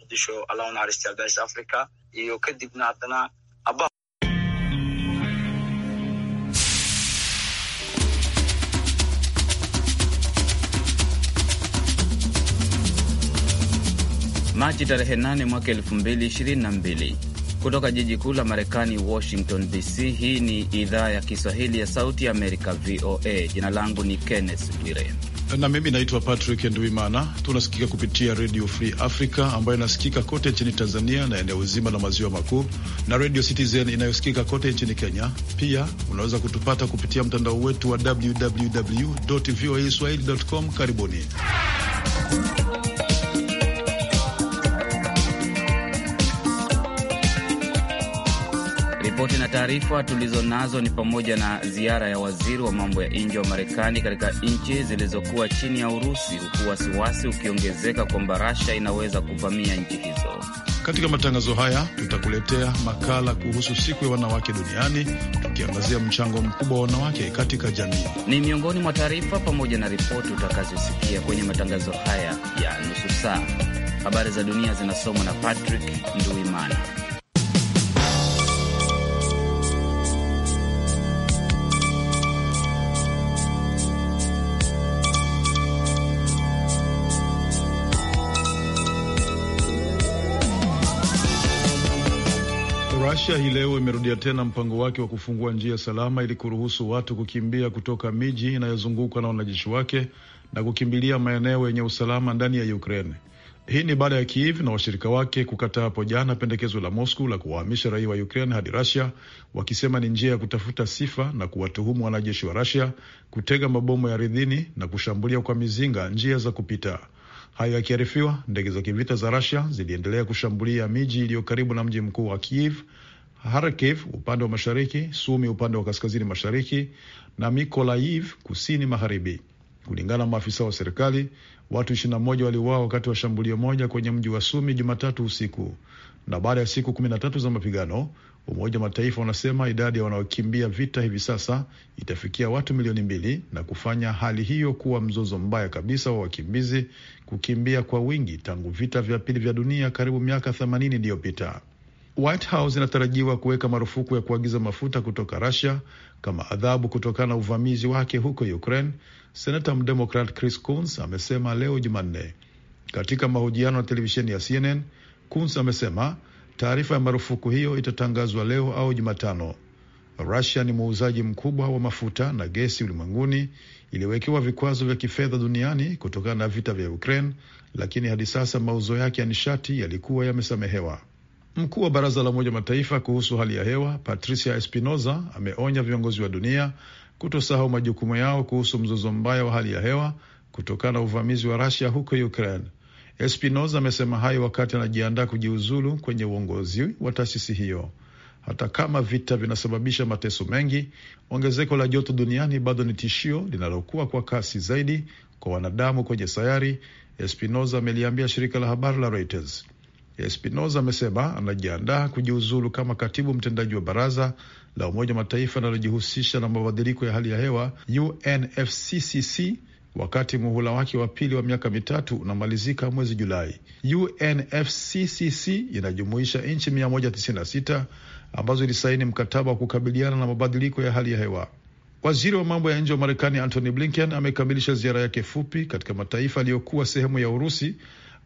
muqdisho alla naxariista albais africa iyo kadibna haddana aba Machi tarehe 8 mwaka mbili kutoka jiji kuu la Marekani, Washington DC. Hii ni idhaa ya Kiswahili ya Sauti ya Amerika, VOA. Jina langu ni Kenneth Bwire na mimi naitwa Patrick nduimana Tunasikika kupitia Radio Free Africa ambayo inasikika kote nchini Tanzania na eneo zima la maziwa makuu na Radio Citizen inayosikika kote nchini Kenya. Pia unaweza kutupata kupitia mtandao wetu wa www voa com. Karibuni. Ripoti na taarifa tulizonazo ni pamoja na ziara ya waziri wa mambo ya nje wa Marekani katika nchi zilizokuwa chini ya Urusi, huku wasiwasi ukiongezeka kwamba Rasha inaweza kuvamia nchi hizo. Katika matangazo haya tutakuletea makala kuhusu siku ya wanawake duniani, tukiangazia mchango mkubwa wa wanawake katika jamii. Ni miongoni mwa taarifa pamoja na ripoti utakazosikia kwenye matangazo haya ya nusu saa. Habari za dunia zinasomwa na Patrick Nduimana. Russia hii leo imerudia tena mpango wake wa kufungua njia salama ili kuruhusu watu kukimbia kutoka miji inayozungukwa na wanajeshi wake na kukimbilia maeneo yenye usalama ndani ya Ukraine. Hii ni baada ya Kiev na washirika wake kukataa hapo jana pendekezo la Moscow la kuwahamisha raia wa Ukraine hadi Russia, wakisema ni njia ya kutafuta sifa na kuwatuhumu wanajeshi wa Russia kutega mabomu ya ardhini na kushambulia kwa mizinga njia za kupita. Hayo yakiarifiwa, ndege za kivita za Russia ziliendelea kushambulia miji iliyo karibu na mji mkuu wa Kiev Harkiv upande wa mashariki, Sumi upande wa kaskazini mashariki na Mikolaiv kusini magharibi. Kulingana na maafisa wa serikali, watu 21 waliuawa wakati wa shambulio moja kwenye mji wa Sumi Jumatatu usiku. Na baada ya siku 13 za mapigano, Umoja wa Mataifa unasema idadi ya wanaokimbia vita hivi sasa itafikia watu milioni mbili na kufanya hali hiyo kuwa mzozo mbaya kabisa wa wakimbizi kukimbia kwa wingi tangu vita vya pili vya dunia karibu miaka 80 iliyopita. White House inatarajiwa kuweka marufuku ya kuagiza mafuta kutoka Russia kama adhabu kutokana na uvamizi wake huko Ukraine. Senata mdemokrat Chris Coons amesema leo Jumanne katika mahojiano na televisheni ya CNN. Coons amesema taarifa ya marufuku hiyo itatangazwa leo au Jumatano. russia ni muuzaji mkubwa wa mafuta na gesi ulimwenguni, iliwekewa vikwazo vya kifedha duniani kutokana na vita vya Ukraine, lakini hadi sasa mauzo yake ya nishati yalikuwa yamesamehewa. Mkuu wa baraza la Umoja Mataifa kuhusu hali ya hewa Patricia Espinoza ameonya viongozi wa dunia kutosahau majukumu yao kuhusu mzozo mbaya wa hali ya hewa kutokana na uvamizi wa Rasia huko Ukraine. Espinoza amesema hayo wakati anajiandaa kujiuzulu kwenye uongozi wa taasisi hiyo. Hata kama vita vinasababisha mateso mengi, ongezeko la joto duniani bado ni tishio linalokuwa kwa kasi zaidi kwa wanadamu kwenye sayari, Espinoza ameliambia shirika la habari la Reuters. Espinosa amesema anajiandaa kujiuzulu kama katibu mtendaji wa baraza la Umoja Mataifa linalojihusisha na mabadiliko ya hali ya hewa UNFCCC wakati muhula wake wa pili wa miaka mitatu unamalizika mwezi Julai. UNFCCC inajumuisha nchi 196 ambazo ilisaini mkataba wa kukabiliana na mabadiliko ya hali ya hewa. Waziri wa mambo ya nje wa Marekani Antony Blinken amekamilisha ziara yake fupi katika mataifa yaliyokuwa sehemu ya Urusi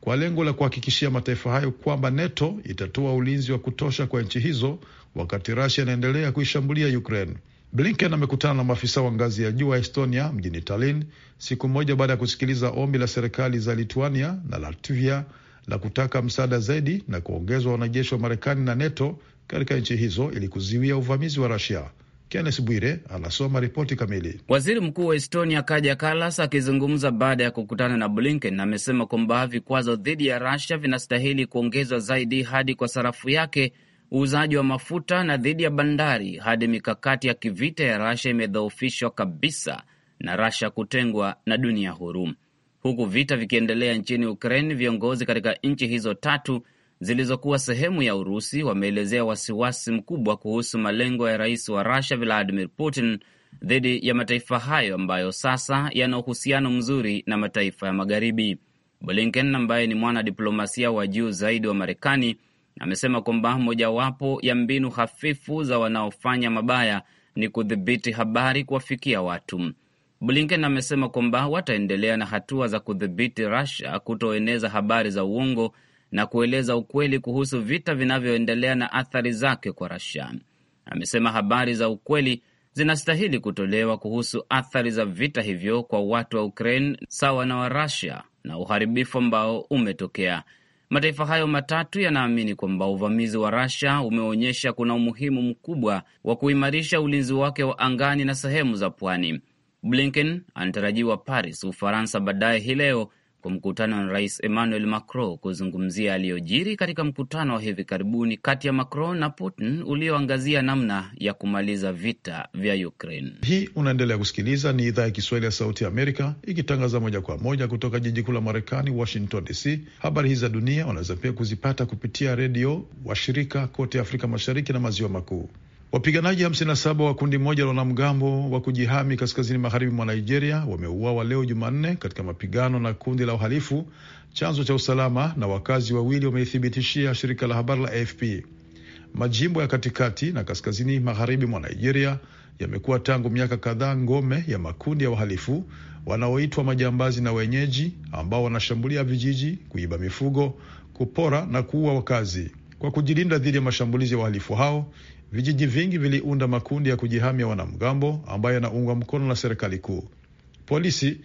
kwa lengo la kuhakikishia mataifa hayo kwamba NATO itatoa ulinzi wa kutosha kwa nchi hizo wakati Russia inaendelea kuishambulia Ukraine. Blinken amekutana na maafisa wa ngazi ya juu wa Estonia mjini Tallinn siku moja baada ya kusikiliza ombi la serikali za Lituania na Latvia la kutaka msaada zaidi na kuongezwa wanajeshi wa Marekani na NATO katika nchi hizo ili kuziwia uvamizi wa rasia Kennes Bwire anasoma ripoti kamili. Waziri Mkuu wa Estonia Kaja kalas akizungumza baada ya kukutana na Blinken amesema kwamba vikwazo dhidi ya Russia vinastahili kuongezwa zaidi hadi kwa sarafu yake, uuzaji wa mafuta na dhidi ya bandari, hadi mikakati ya kivita ya Russia imedhoofishwa kabisa na rasha kutengwa na dunia huru. Huku vita vikiendelea nchini Ukraine, viongozi katika nchi hizo tatu zilizokuwa sehemu ya Urusi wameelezea wasiwasi mkubwa kuhusu malengo ya rais wa Rusia Vladimir Putin dhidi ya mataifa hayo ambayo sasa yana uhusiano mzuri na mataifa ya Magharibi. Blinken ambaye ni mwanadiplomasia wa juu zaidi wa Marekani amesema kwamba mojawapo ya mbinu hafifu za wanaofanya mabaya ni kudhibiti habari kuwafikia watu. Blinken amesema kwamba wataendelea na hatua za kudhibiti Russia kutoeneza habari za uongo na kueleza ukweli kuhusu vita vinavyoendelea na athari zake kwa rasia Amesema habari za ukweli zinastahili kutolewa kuhusu athari za vita hivyo kwa watu wa Ukraine sawa na wa Russia na uharibifu ambao umetokea. Mataifa hayo matatu yanaamini kwamba uvamizi wa rasia umeonyesha kuna umuhimu mkubwa wa kuimarisha ulinzi wake wa angani na sehemu za pwani. Blinken anatarajiwa Paris, Ufaransa, baadaye hii leo kwa mkutano na Rais Emmanuel Macron kuzungumzia aliyojiri katika mkutano wa hivi karibuni kati ya Macron na Putin ulioangazia namna ya kumaliza vita vya Ukraine. Hii unaendelea kusikiliza, ni idhaa ya Kiswahili ya Sauti ya Amerika ikitangaza moja kwa moja kutoka jiji kuu la Marekani, Washington DC. Habari hizi za dunia unaweza pia kuzipata kupitia redio washirika kote Afrika Mashariki na Maziwa Makuu. Wapiganaji 57 wa kundi moja la wanamgambo wa kujihami kaskazini magharibi mwa Nigeria wameuawa leo Jumanne katika mapigano na kundi la uhalifu, chanzo cha usalama na wakazi wawili wameithibitishia shirika la habari la AFP. Majimbo ya katikati na kaskazini magharibi mwa Nigeria yamekuwa tangu miaka kadhaa ngome ya makundi ya wahalifu wanaoitwa majambazi na wenyeji, ambao wanashambulia vijiji, kuiba mifugo, kupora na kuua wakazi. Kwa kujilinda dhidi ya mashambulizi ya wahalifu hao, Vijiji vingi viliunda makundi ya kujihamia wanamgambo ambayo yanaungwa mkono na serikali kuu. Polisi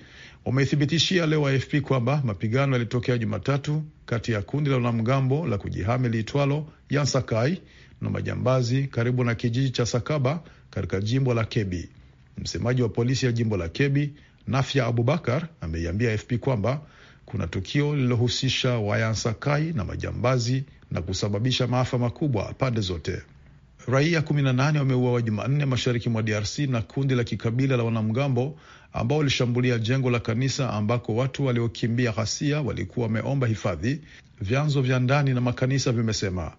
wameithibitishia leo AFP kwamba mapigano yalitokea Jumatatu kati ya kundi la wanamgambo la kujihami liitwalo Yansakai na majambazi karibu na kijiji cha Sakaba katika jimbo la Kebi. Msemaji wa polisi ya jimbo la Kebi, Nafya Abubakar, ameiambia AFP kwamba kuna tukio lililohusisha Wayansakai na majambazi na kusababisha maafa makubwa pande zote. Raia 18 wameuawa Jumanne mashariki mwa DRC na kundi la kikabila la wanamgambo ambao walishambulia jengo la kanisa ambako watu waliokimbia ghasia walikuwa wameomba hifadhi, vyanzo vya ndani na makanisa vimesema.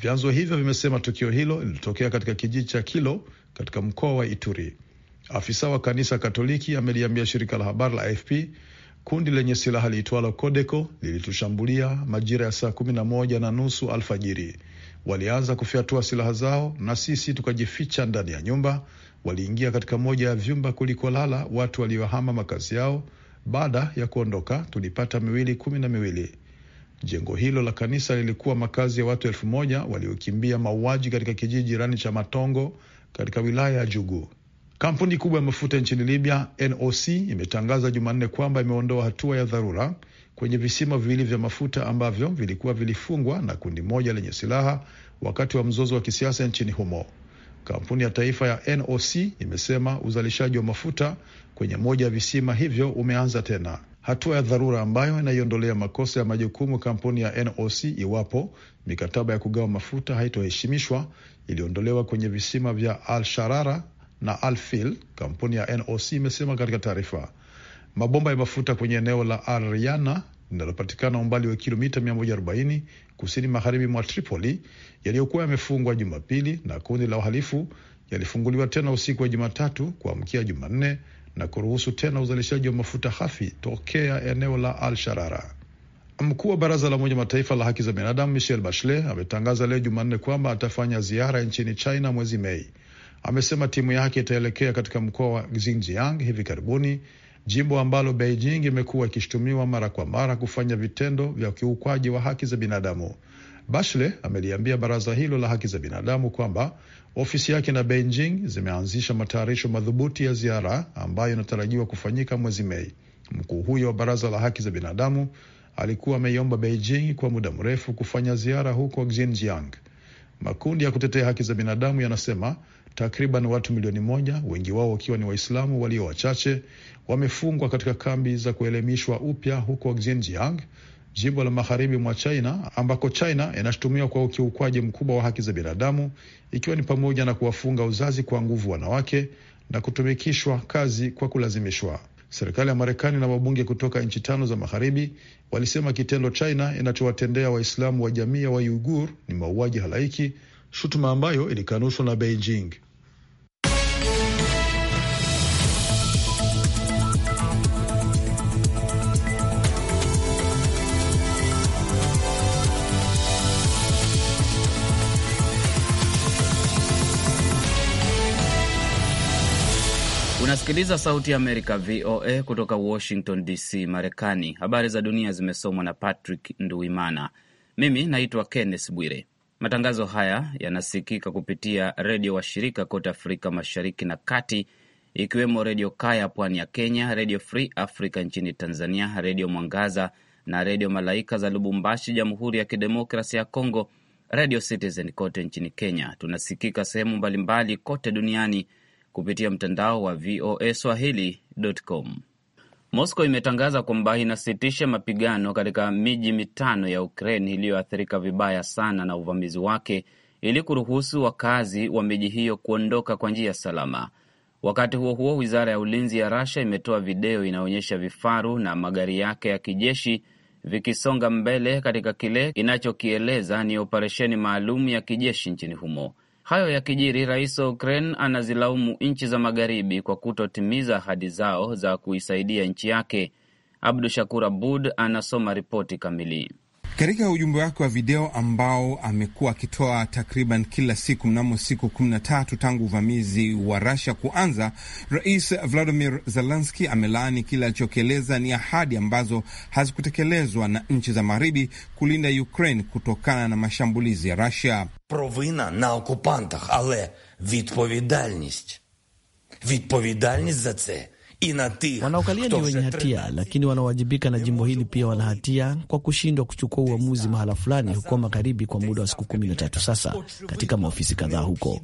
Vyanzo hivyo vimesema tukio hilo lilitokea katika kijiji cha Kilo katika mkoa wa Ituri. Afisa wa kanisa Katoliki ameliambia shirika la habari la AFP kundi lenye silaha liitwalo Kodeko lilitushambulia majira ya saa kumi na moja na nusu alfajiri. Walianza kufyatua silaha zao na sisi tukajificha ndani ya nyumba. Waliingia katika moja ya vyumba kulikolala watu waliohama makazi yao. Baada ya kuondoka, tulipata miwili kumi na miwili. Jengo hilo la kanisa lilikuwa makazi ya watu elfu moja waliokimbia mauaji katika kijiji jirani cha Matongo katika wilaya ya Jugu. Kampuni kubwa ya mafuta nchini Libya, NOC, imetangaza Jumanne kwamba imeondoa hatua ya dharura kwenye visima viwili vya mafuta ambavyo vilikuwa vilifungwa na kundi moja lenye silaha wakati wa mzozo wa kisiasa nchini humo. Kampuni ya taifa ya NOC imesema uzalishaji wa mafuta kwenye moja ya visima hivyo umeanza tena, hatua ya dharura ambayo inaiondolea makosa ya majukumu kampuni ya NOC iwapo mikataba ya kugawa mafuta haitoheshimishwa, iliondolewa kwenye visima vya Al Sharara na Al Fil, kampuni ya NOC imesema katika taarifa. Mabomba ya mafuta kwenye eneo la Ariana linalopatikana umbali wa kilomita 140 kusini magharibi mwa Tripoli yaliyokuwa yamefungwa Jumapili na kundi la uhalifu yalifunguliwa tena usiku wa Jumatatu kuamkia Jumanne na kuruhusu tena uzalishaji wa mafuta hafi tokea eneo la Al Sharara. Mkuu wa baraza la Umoja Mataifa la haki za binadamu Michel Bachelet ametangaza leo Jumanne kwamba atafanya ziara nchini China mwezi Mei. Amesema timu yake itaelekea katika mkoa wa Xinjiang hivi karibuni jimbo ambalo Beijing imekuwa ikishutumiwa mara kwa mara kufanya vitendo vya ukiukwaji wa haki za binadamu. Bashle ameliambia baraza hilo la haki za binadamu kwamba ofisi yake na Beijing zimeanzisha matayarisho madhubuti ya ziara ambayo inatarajiwa kufanyika mwezi Mei. Mkuu huyo wa baraza la haki za binadamu alikuwa ameiomba Beijing kwa muda mrefu kufanya ziara huko Xinjiang. Makundi ya kutetea haki za binadamu yanasema Takriban watu milioni moja, wengi wao wakiwa ni Waislamu walio wachache, wamefungwa katika kambi za kuelimishwa upya huko Xinjiang, jimbo la magharibi mwa China, ambako China inashutumiwa kwa ukiukwaji mkubwa wa haki za binadamu, ikiwa ni pamoja na kuwafunga uzazi kwa nguvu wanawake na kutumikishwa kazi kwa kulazimishwa. Serikali ya Marekani na wabunge kutoka nchi tano za magharibi walisema kitendo China inachowatendea Waislamu wa jamii ya Waiugur ni mauaji halaiki shutuma ambayo ilikanushwa na Beijing. Unasikiliza sauti ya Amerika, VOA, kutoka Washington DC, Marekani. Habari za dunia zimesomwa na Patrick Nduimana. Mimi naitwa Kenneth Bwire. Matangazo haya yanasikika kupitia redio washirika kote Afrika Mashariki na Kati, ikiwemo Redio Kaya pwani ya Kenya, Redio Free Africa nchini Tanzania, Redio Mwangaza na Redio Malaika za Lubumbashi, Jamhuri ya kidemokrasia ya Kongo, Redio Citizen kote nchini Kenya. Tunasikika sehemu mbalimbali kote duniani kupitia mtandao wa VOA swahili.com. Moscow imetangaza kwamba inasitisha mapigano katika miji mitano ya Ukraine iliyoathirika vibaya sana na uvamizi wake ili kuruhusu wakazi wa miji hiyo kuondoka kwa njia salama. Wakati huo huo, wizara ya ulinzi ya Russia imetoa video inaonyesha vifaru na magari yake ya kijeshi vikisonga mbele katika kile inachokieleza ni operesheni maalum ya kijeshi nchini humo. Hayo yakijiri, rais wa Ukraine anazilaumu nchi za magharibi kwa kutotimiza ahadi zao za kuisaidia nchi yake. Abdu Shakur Abud anasoma ripoti kamili. Katika ujumbe wake wa video ambao amekuwa akitoa takriban kila siku mnamo siku kumi na tatu tangu uvamizi wa rasia kuanza, Rais Vladimir zelenski amelaani kile alichokieleza ni ahadi ambazo hazikutekelezwa na nchi za Magharibi kulinda Ukraine kutokana na mashambulizi ya rasia provina na okupantah ale vidpovidalnist vidpovidalnist za це Wanaokalia ni wenye hatia, lakini wanaowajibika na jimbo hili pia wana hatia kwa kushindwa kuchukua uamuzi mahala fulani huko magharibi kwa muda wa siku kumi na tatu sasa katika maofisi kadhaa huko.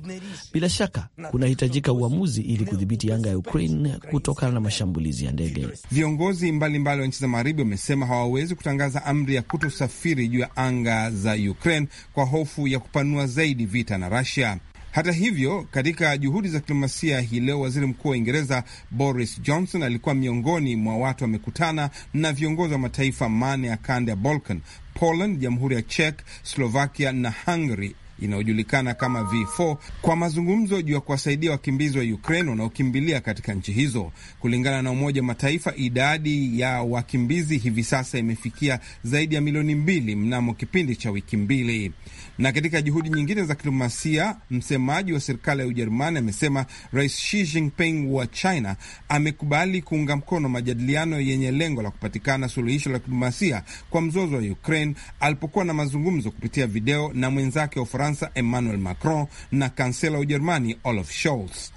Bila shaka kunahitajika uamuzi ili kudhibiti anga ya Ukraine kutokana na mashambulizi ya ndege. Viongozi mbalimbali wa nchi za magharibi wamesema hawawezi kutangaza amri ya kutosafiri juu ya anga za Ukraine kwa hofu ya kupanua zaidi vita na Russia. Hata hivyo, katika juhudi za diplomasia hii leo, waziri mkuu wa Uingereza Boris Johnson alikuwa miongoni mwa watu wamekutana na viongozi wa mataifa mane ya kanda ya Balkan, Poland, jamhuri ya Czech, Slovakia na Hungary inayojulikana kama V4 kwa mazungumzo juu ya kuwasaidia wakimbizi wa Ukraine wanaokimbilia katika nchi hizo. Kulingana na Umoja wa Mataifa, idadi ya wakimbizi hivi sasa imefikia zaidi ya milioni mbili mnamo kipindi cha wiki mbili. Na katika juhudi nyingine za kidiplomasia, msemaji wa serikali ya Ujerumani amesema Rais Xi Jinping wa China amekubali kuunga mkono majadiliano yenye lengo la kupatikana suluhisho la kidiplomasia kwa mzozo wa Ukraine alipokuwa na mazungumzo kupitia video na mwenzake wa Ufaransa Emmanuel Macron na kansela wa Ujerumani Olaf Scholz.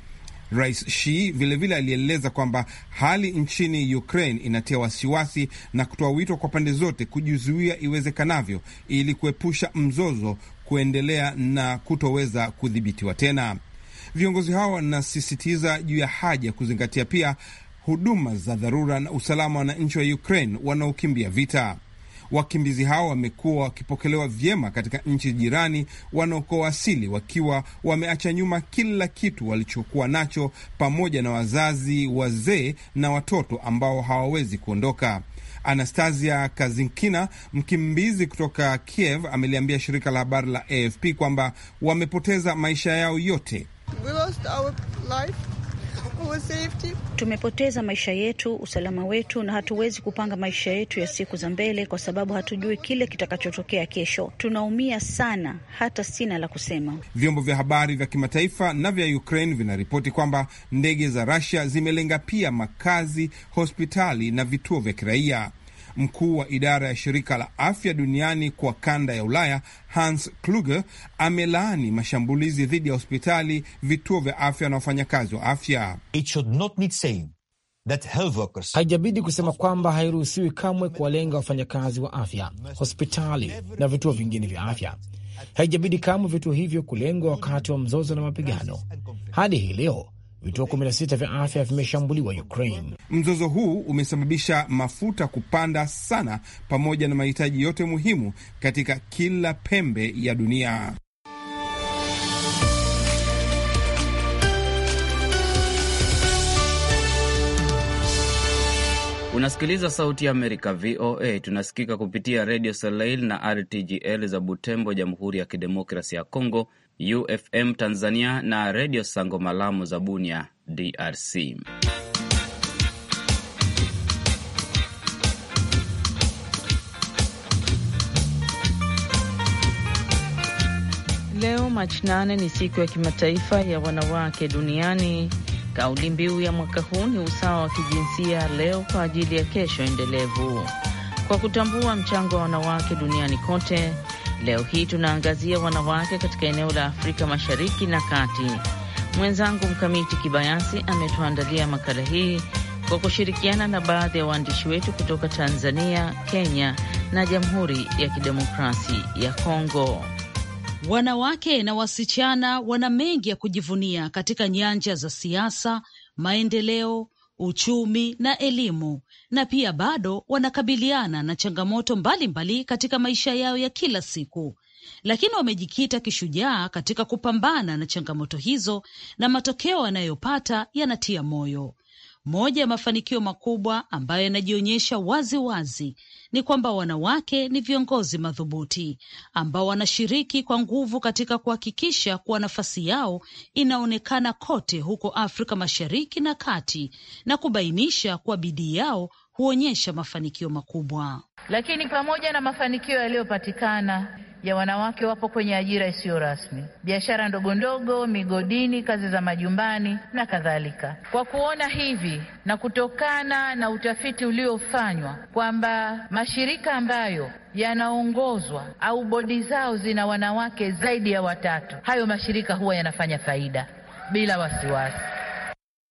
Rais Xi vilevile alieleza kwamba hali nchini Ukraine inatia wasiwasi na kutoa wito kwa pande zote kujizuia iwezekanavyo ili kuepusha mzozo kuendelea na kutoweza kudhibitiwa tena. Viongozi hao wanasisitiza juu ya haja ya kuzingatia pia huduma za dharura na usalama wa wananchi wa Ukraine wanaokimbia vita. Wakimbizi hao wamekuwa wakipokelewa vyema katika nchi jirani wanaokowasili, wakiwa wameacha nyuma kila kitu walichokuwa nacho, pamoja na wazazi wazee na watoto ambao hawawezi kuondoka. Anastasia Kazinkina, mkimbizi kutoka Kiev, ameliambia shirika la habari la AFP kwamba wamepoteza maisha yao yote. We lost our life. Tumepoteza maisha yetu, usalama wetu, na hatuwezi kupanga maisha yetu ya siku za mbele, kwa sababu hatujui kile kitakachotokea kesho. Tunaumia sana, hata sina la kusema. Vyombo vya habari vya kimataifa na vya Ukraine vinaripoti kwamba ndege za Russia zimelenga pia makazi, hospitali na vituo vya kiraia. Mkuu wa idara ya shirika la afya duniani kwa kanda ya Ulaya Hans Kluge amelaani mashambulizi dhidi ya hospitali, vituo vya afya na wafanyakazi wa afya. Haijabidi kusema kwamba hairuhusiwi kamwe kuwalenga wafanyakazi wa afya, hospitali na vituo vingine vya afya. Haijabidi kamwe vituo hivyo kulengwa wakati wa mzozo na mapigano. Hadi hii leo vituo 16 vya afya vimeshambuliwa Ukraine. Mzozo huu umesababisha mafuta kupanda sana pamoja na mahitaji yote muhimu katika kila pembe ya dunia. Unasikiliza Sauti ya Amerika, VOA. Tunasikika kupitia redio Soleil na RTGL za Butembo, Jamhuri ya Kidemokrasi ya Kongo, UFM Tanzania na Redio Sango Malamu za Bunia, DRC. Leo Machi nane ni siku ya kimataifa ya wanawake duniani. Kauli mbiu ya mwaka huu ni usawa wa kijinsia leo kwa ajili ya kesho endelevu. Kwa kutambua mchango wa wanawake duniani kote, Leo hii tunaangazia wanawake katika eneo la Afrika Mashariki na Kati. Mwenzangu Mkamiti Kibayasi ametuandalia makala hii kwa kushirikiana na baadhi ya waandishi wetu kutoka Tanzania, Kenya na Jamhuri ya Kidemokrasi ya Kongo. Wanawake na wasichana wana mengi ya kujivunia katika nyanja za siasa, maendeleo, uchumi na elimu, na pia bado wanakabiliana na changamoto mbalimbali mbali katika maisha yao ya kila siku, lakini wamejikita kishujaa katika kupambana na changamoto hizo, na matokeo wanayopata yanatia moyo. Moja ya mafanikio makubwa ambayo yanajionyesha wazi wazi ni kwamba wanawake ni viongozi madhubuti ambao wanashiriki kwa nguvu katika kuhakikisha kuwa nafasi yao inaonekana kote huko Afrika Mashariki na Kati na kubainisha kuwa bidii yao huonyesha mafanikio makubwa. Lakini pamoja na mafanikio yaliyopatikana ya wanawake wapo kwenye ajira isiyo rasmi, biashara ndogo ndogo, migodini, kazi za majumbani na kadhalika. Kwa kuona hivi na kutokana na utafiti uliofanywa kwamba mashirika ambayo yanaongozwa au bodi zao zina wanawake zaidi ya watatu, hayo mashirika huwa yanafanya faida bila wasiwasi.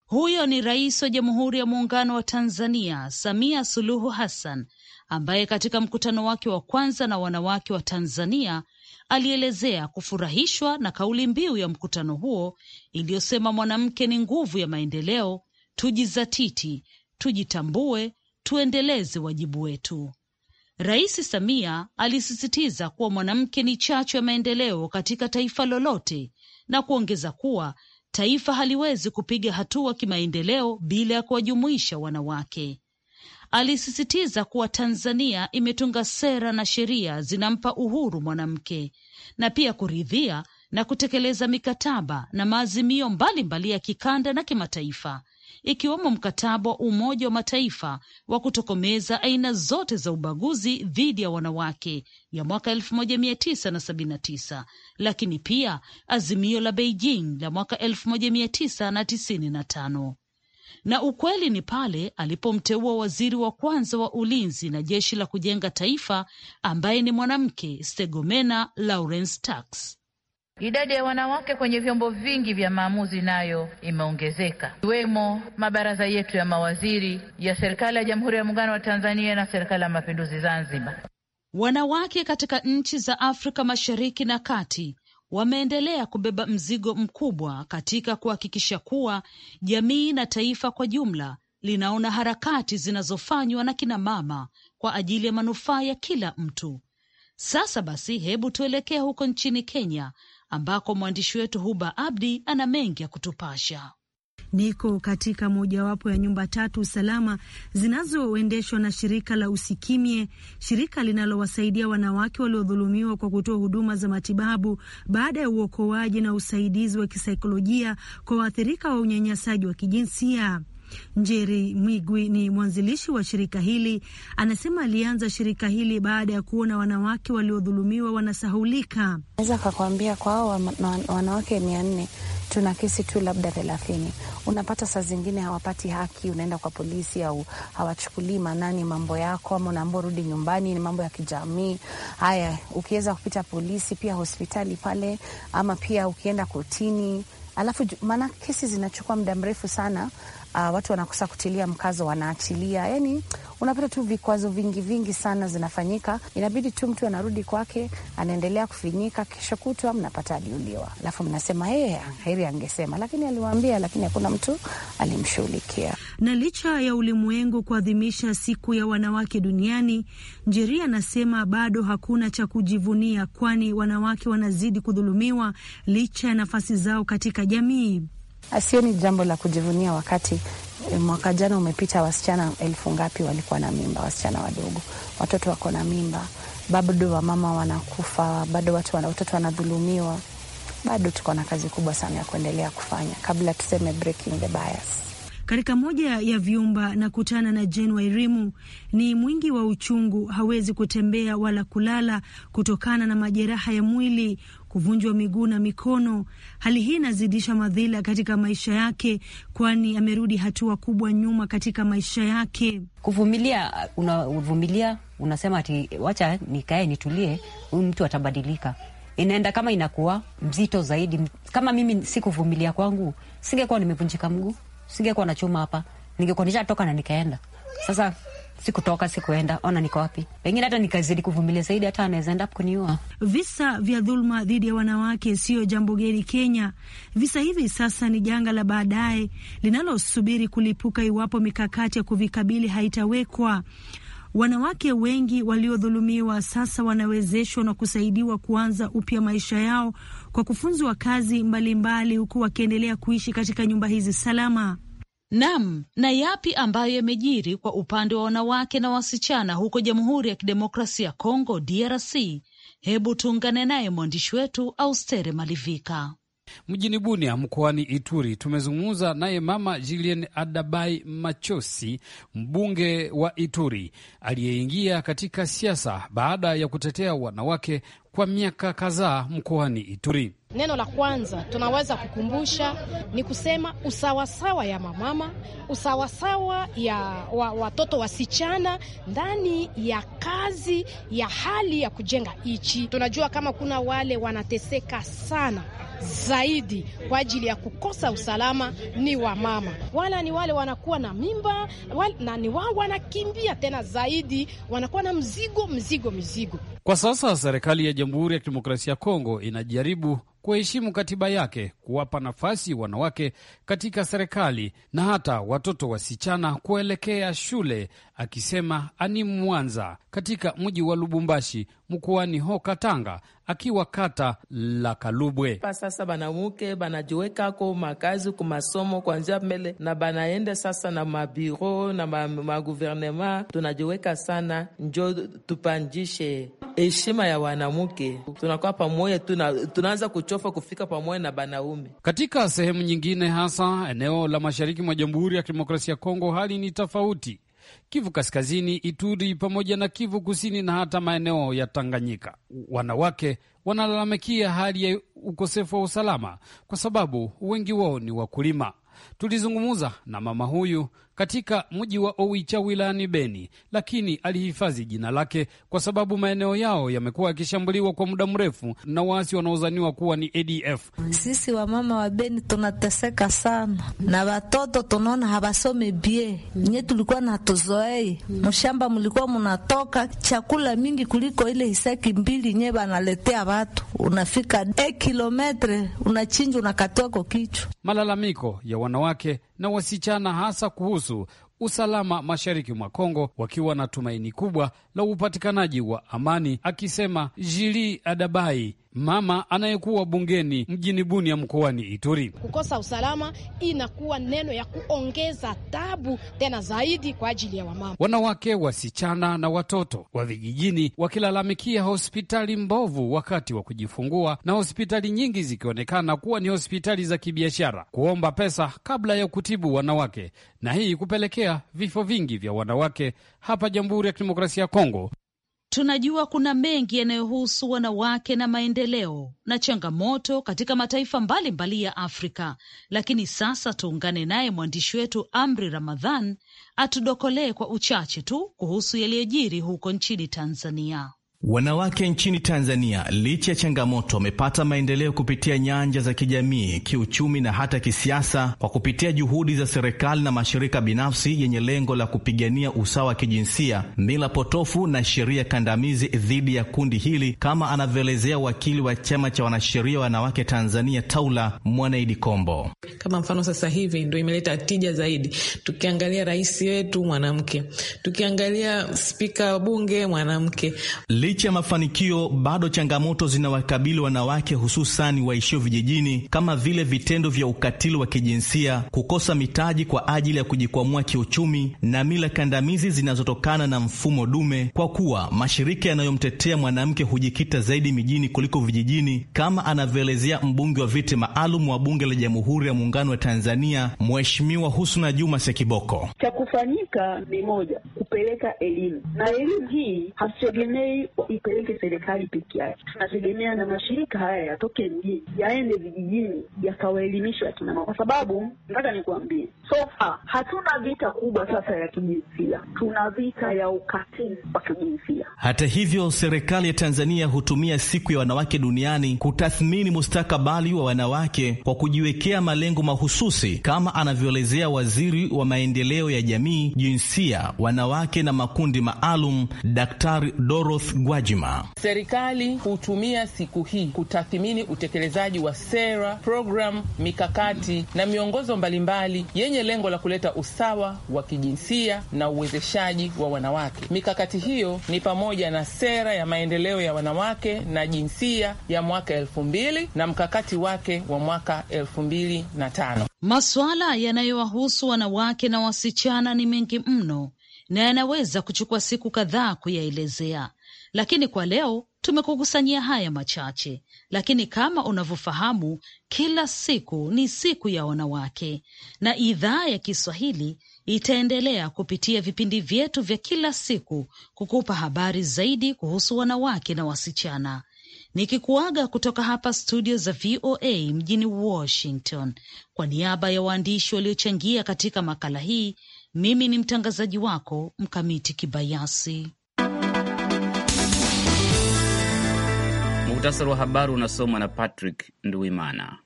Huyo ni Rais wa Jamhuri ya Muungano wa Tanzania, Samia Suluhu Hassan ambaye katika mkutano wake wa kwanza na wanawake wa Tanzania alielezea kufurahishwa na kauli mbiu ya mkutano huo iliyosema mwanamke ni nguvu ya maendeleo, tujizatiti, tujitambue, tuendeleze wajibu wetu. Rais Samia alisisitiza kuwa mwanamke ni chachu ya maendeleo katika taifa lolote na kuongeza kuwa taifa haliwezi kupiga hatua kimaendeleo bila ya kuwajumuisha wanawake alisisitiza kuwa Tanzania imetunga sera na sheria zinampa uhuru mwanamke na pia kuridhia na kutekeleza mikataba na maazimio mbalimbali ya kikanda na kimataifa ikiwemo mkataba wa Umoja wa Mataifa wa kutokomeza aina zote za ubaguzi dhidi ya wanawake ya mwaka 1979 lakini pia azimio la Beijing la mwaka 1995 na ukweli ni pale alipomteua waziri wa kwanza wa ulinzi na jeshi la kujenga taifa ambaye ni mwanamke Stegomena Lawrence Tax. Idadi ya wanawake kwenye vyombo vingi vya maamuzi nayo imeongezeka ikiwemo mabaraza yetu ya mawaziri ya serikali ya Jamhuri ya Muungano wa Tanzania na serikali ya Mapinduzi Zanzibar. Wanawake katika nchi za Afrika Mashariki na Kati wameendelea kubeba mzigo mkubwa katika kuhakikisha kuwa jamii na taifa kwa jumla linaona harakati zinazofanywa na kina mama kwa ajili ya manufaa ya kila mtu. Sasa basi, hebu tuelekee huko nchini Kenya ambako mwandishi wetu Huba Abdi ana mengi ya kutupasha. Niko katika mojawapo ya nyumba tatu salama zinazoendeshwa na shirika la usikimie shirika linalowasaidia wanawake waliodhulumiwa kwa kutoa huduma za matibabu baada ya uokoaji na usaidizi wa kisaikolojia kwa waathirika wa unyanyasaji wa kijinsia. Njeri Mwigwi ni mwanzilishi wa shirika hili. Anasema alianza shirika hili baada ya kuona wanawake waliodhulumiwa wanasahulika. Naweza kakwambia kwa hao wanawake mia nne tuna kesi tu labda thelathini. Unapata saa zingine hawapati haki, unaenda kwa polisi au hawachukulii manani mambo yako, ama unaambia rudi nyumbani, ni mambo ya kijamii haya. Ukiweza kupita polisi pia hospitali pale, ama pia ukienda kotini, alafu maana kesi zinachukua muda mrefu sana uh, watu wanakosa kutilia mkazo, wanaachilia. Yani unapata tu vikwazo vingi vingi sana zinafanyika, inabidi tu mtu anarudi kwake, anaendelea kufinyika, kesho kutwa mnapata aliuliwa, alafu mnasema yeye eh, heri angesema, lakini aliwaambia, lakini hakuna mtu alimshughulikia. Na licha ya ulimwengu kuadhimisha siku ya wanawake duniani, Njeri anasema bado hakuna cha kujivunia, kwani wanawake wanazidi kudhulumiwa licha ya nafasi zao katika jamii. Sioni jambo la kujivunia wakati eh, mwaka jana umepita, wasichana elfu ngapi walikuwa na mimba, wasichana wadogo, watoto wako na mimba, bado wamama wanakufa, bado watu wana, watoto wanadhulumiwa. Bado tuko na kazi kubwa sana ya kuendelea kufanya kabla tuseme breaking the bias. Katika moja ya vyumba nakutana na Jane Wairimu. Ni mwingi wa uchungu, hawezi kutembea wala kulala kutokana na majeraha ya mwili, kuvunjwa miguu na mikono. Hali hii inazidisha madhila katika maisha yake, kwani amerudi hatua kubwa nyuma katika maisha yake. Kuvumilia, unavumilia, unasema ati wacha nikae nitulie, huyu mtu atabadilika. Inaenda kama inakuwa mzito zaidi. Kama mimi sikuvumilia kwangu, singekuwa nimevunjika mguu, singekuwa nachuma hapa, ningekuwa nishatoka na nikaenda sasa sikutoka, sikuenda, ona niko wapi. Pengine hata nikazidi kuvumilia zaidi, hata anaweza enda kuniua. Visa vya dhuluma dhidi ya wanawake siyo jambo geni Kenya. Visa hivi sasa ni janga la baadaye linalosubiri kulipuka iwapo mikakati ya kuvikabili haitawekwa. Wanawake wengi waliodhulumiwa sasa wanawezeshwa na kusaidiwa kuanza upya maisha yao kwa kufunzwa kazi mbalimbali, huku wakiendelea kuishi katika nyumba hizi salama. Nam, na yapi ambayo yamejiri kwa upande wa wanawake na wasichana huko Jamhuri ya Kidemokrasia ya Kongo, DRC? Hebu tuungane naye mwandishi wetu Austere Malivika mjini Bunia mkoani Ituri. Tumezungumza naye Mama Julien Adabai Machosi, mbunge wa Ituri aliyeingia katika siasa baada ya kutetea wanawake kwa miaka kadhaa mkoani Ituri. Neno la kwanza tunaweza kukumbusha ni kusema usawasawa ya mamama, usawasawa ya wa, watoto wasichana ndani ya kazi ya hali ya kujenga nchi. Tunajua kama kuna wale wanateseka sana zaidi kwa ajili ya kukosa usalama ni wamama, wala ni wale wanakuwa na mimba wala, na ni wao wanakimbia tena zaidi, wanakuwa na mzigo mzigo mzigo. Kwa sasa serikali ya Jamhuri ya Kidemokrasia ya Kongo inajaribu kuheshimu katiba yake, kuwapa nafasi wanawake katika serikali na hata watoto wasichana kuelekea shule, akisema ani Mwanza katika mji wa Lubumbashi mkoani ho Katanga, akiwa kata la Kalubwe. Pa sasa banamuke banajiweka ko makazi ku masomo kwanzia mbele na banaenda sasa na mabiro na maguvernema. Tunajiweka sana, njo tupanjishe heshima ya wanamuke, tunakuwa pamoja, tunaanza tuna kuchofa kufika pamoja na banaume. Katika sehemu nyingine, hasa eneo la mashariki mwa Jamhuri ya Kidemokrasia ya Kongo, hali ni tofauti. Kivu Kaskazini, Ituri pamoja na Kivu Kusini na hata maeneo ya Tanganyika, wanawake wanalalamikia hali ya ukosefu wa usalama kwa sababu wengi wao ni wakulima. Tulizungumza na mama huyu katika mji wa Owicha wilayani Beni, lakini alihifadhi jina lake kwa sababu maeneo yao yamekuwa yakishambuliwa kwa muda mrefu na waasi wanaozaniwa kuwa ni ADF. Sisi wamama wa Beni tunateseka sana na watoto tunaona hawasome bie nye, tulikuwa natuzoei mshamba, mlikuwa munatoka chakula mingi kuliko ile hisaki mbili nye wanaletea watu, unafika e kilometre unachinja unakatiwa kichwa. Malalamiko ya wanawake na wasichana hasa kuhusu usalama mashariki mwa Kongo, wakiwa na tumaini kubwa la upatikanaji wa amani, akisema Jili Adabai mama anayekuwa bungeni mjini Bunia mkoani Ituri. Kukosa usalama inakuwa neno ya kuongeza tabu tena zaidi kwa ajili ya wamama, wanawake, wasichana na watoto wa vijijini, wakilalamikia hospitali mbovu wakati wa kujifungua na hospitali nyingi zikionekana kuwa ni hospitali za kibiashara, kuomba pesa kabla ya kutibu wanawake, na hii kupelekea vifo vingi vya wanawake hapa Jamhuri ya Kidemokrasia ya Kongo. Tunajua kuna mengi yanayohusu wanawake na maendeleo na changamoto katika mataifa mbalimbali mbali ya Afrika, lakini sasa tuungane naye mwandishi wetu Amri Ramadhan atudokolee kwa uchache tu kuhusu yaliyojiri huko nchini Tanzania. Wanawake nchini Tanzania licha ya changamoto, wamepata maendeleo kupitia nyanja za kijamii, kiuchumi na hata kisiasa kwa kupitia juhudi za serikali na mashirika binafsi yenye lengo la kupigania usawa wa kijinsia, mila potofu na sheria kandamizi dhidi ya kundi hili, kama anavyoelezea wakili wa chama cha wanasheria wanawake Tanzania Taula Mwanaidi Kombo. Kama mfano sasa hivi ndo imeleta tija zaidi, tukiangalia rais wetu mwanamke, tukiangalia spika wa bunge mwanamke Licha ya mafanikio, bado changamoto zinawakabili wanawake, hususan waishio vijijini, kama vile vitendo vya ukatili wa kijinsia, kukosa mitaji kwa ajili ya kujikwamua kiuchumi na mila kandamizi zinazotokana na mfumo dume, kwa kuwa mashirika yanayomtetea mwanamke hujikita zaidi mijini kuliko vijijini, kama anavyoelezea mbunge wa viti maalum wa Bunge la Jamhuri ya Muungano wa Tanzania, Mheshimiwa Husna Juma Sekiboko. Cha kufanyika ni moja, kupeleka elimu, na elimu hii hasitegemei ipeleke serikali peke yake. Tunategemea na mashirika haya yatoke mjini yaende vijijini yakawaelimisha akina mama, kwa sababu nataka nikuambie, so far hatuna vita kubwa sasa ya kijinsia, tuna vita ya ukatili wa kijinsia. Hata hivyo, serikali ya Tanzania hutumia siku ya wanawake duniani kutathmini mustakabali wa wanawake kwa kujiwekea malengo mahususi kama anavyoelezea waziri wa maendeleo ya jamii, jinsia, wanawake na makundi maalum Daktari Doroth Gwajima. Serikali hutumia siku hii kutathimini utekelezaji wa sera, programu, mikakati na miongozo mbalimbali yenye lengo la kuleta usawa wa kijinsia na uwezeshaji wa wanawake. Mikakati hiyo ni pamoja na sera ya maendeleo ya wanawake na jinsia ya mwaka elfu mbili na mkakati wake wa mwaka elfu mbili na tano. Masuala yanayowahusu wanawake na wasichana ni mengi mno na yanaweza kuchukua siku kadhaa kuyaelezea, lakini kwa leo tumekukusanyia haya machache. Lakini kama unavyofahamu, kila siku ni siku ya wanawake, na idhaa ya Kiswahili itaendelea kupitia vipindi vyetu vya kila siku kukupa habari zaidi kuhusu wanawake na wasichana nikikuaga kutoka hapa studio za VOA mjini Washington. Kwa niaba ya waandishi waliochangia katika makala hii, mimi ni mtangazaji wako Mkamiti Kibayasi. Muhtasari wa habari unasomwa na Patrick Nduimana.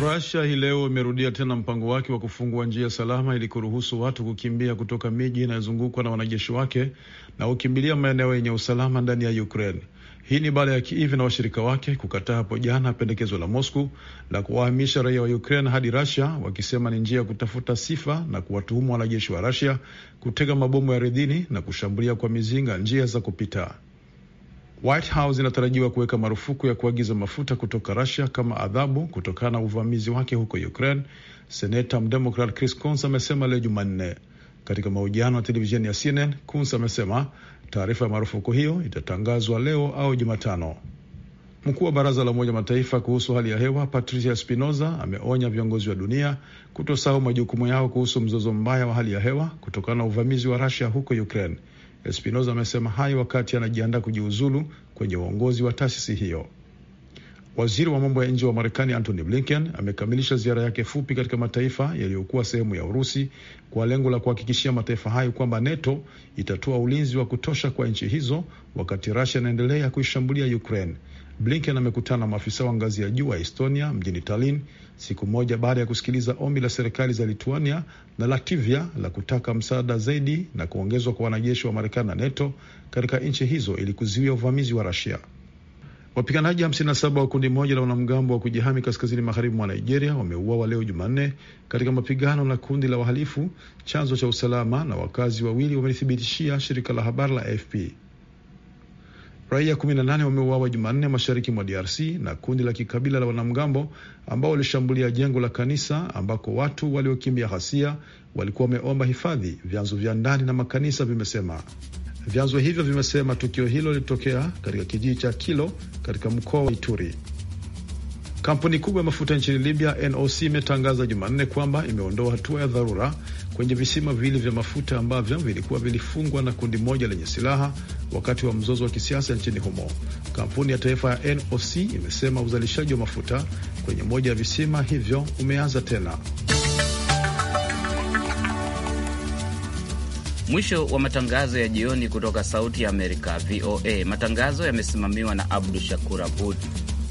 Russia hii leo imerudia tena mpango wake wa kufungua njia salama ili kuruhusu watu kukimbia kutoka miji inayozungukwa na wanajeshi wake na kukimbilia maeneo yenye usalama ndani ya Ukraine. Hii ni baada ya Kiev na washirika wake kukataa hapo jana pendekezo la Moscow la kuwahamisha raia wa Ukraine hadi Russia, wakisema ni njia ya kutafuta sifa na kuwatuhumu wanajeshi wa Russia kutega mabomu ya ardhini na kushambulia kwa mizinga njia za kupita. White House inatarajiwa kuweka marufuku ya kuagiza mafuta kutoka Russia kama adhabu kutokana na uvamizi wake huko Ukraine, senata mdemokrat Chris Coons amesema leo Jumanne. Katika mahojiano ya televisheni ya CNN, Coons amesema Taarifa ya marufuku hiyo itatangazwa leo au Jumatano. Mkuu wa baraza la Umoja Mataifa kuhusu hali ya hewa Patricia Spinoza ameonya viongozi wa dunia kutosahau majukumu yao kuhusu mzozo mbaya wa hali ya hewa kutokana na uvamizi wa Rusia huko Ukraine. Spinoza amesema hayo wakati anajiandaa kujiuzulu kwenye uongozi wa taasisi hiyo. Waziri wa mambo ya nje wa Marekani Antony Blinken amekamilisha ziara yake fupi katika mataifa yaliyokuwa sehemu ya Urusi kwa lengo la kuhakikishia mataifa hayo kwamba NATO itatoa ulinzi wa kutosha kwa nchi hizo wakati rusia inaendelea kuishambulia Ukraine. Blinken amekutana na maafisa wa ngazi ya juu wa Estonia mjini Tallinn siku moja baada ya kusikiliza ombi la serikali za Lituania na Latvia la kutaka msaada zaidi na kuongezwa kwa wanajeshi wa Marekani na NATO katika nchi hizo ili kuzuia uvamizi wa rasia Wapiganaji 57 wa kundi moja la wanamgambo wa kujihami kaskazini magharibi mwa Nigeria wameuawa leo Jumanne katika mapigano na kundi la wahalifu, chanzo cha usalama na wakazi wawili wamelithibitishia shirika la habari la AFP. Raia 18 wameuawa Jumanne mashariki mwa DRC na kundi la kikabila la wanamgambo ambao walishambulia jengo la kanisa ambako watu waliokimbia ghasia walikuwa wameomba hifadhi, vyanzo vya ndani na makanisa vimesema. Vyanzo hivyo vimesema tukio hilo lilitokea katika kijiji cha Kilo katika mkoa wa Ituri. Kampuni kubwa ya mafuta nchini Libya, NOC, imetangaza Jumanne kwamba imeondoa hatua ya dharura kwenye visima viwili vya mafuta ambavyo vilikuwa vilifungwa na kundi moja lenye silaha wakati wa mzozo wa kisiasa nchini humo. Kampuni ya taifa ya NOC imesema uzalishaji wa mafuta kwenye moja ya visima hivyo umeanza tena. Mwisho wa matangazo ya jioni kutoka Sauti ya Amerika, VOA. Matangazo yamesimamiwa na Abdu Shakur Abud,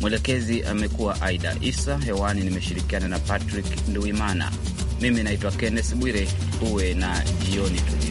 mwelekezi amekuwa Aida Isa. Hewani nimeshirikiana na Patrick Nduimana. Mimi naitwa Kenneth Bwire. Uwe na jioni tu.